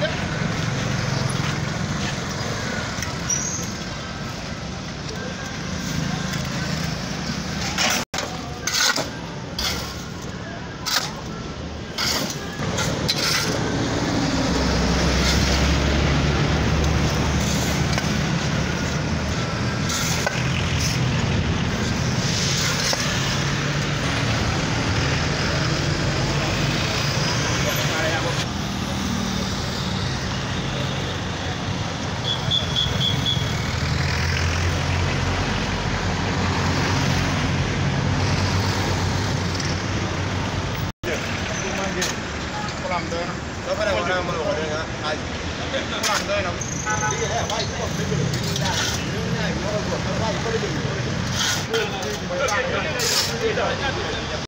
ko def kulam doy na. soo paree wax dëgg mën a wax dëgg ah xaaj. kulam doy na. waaye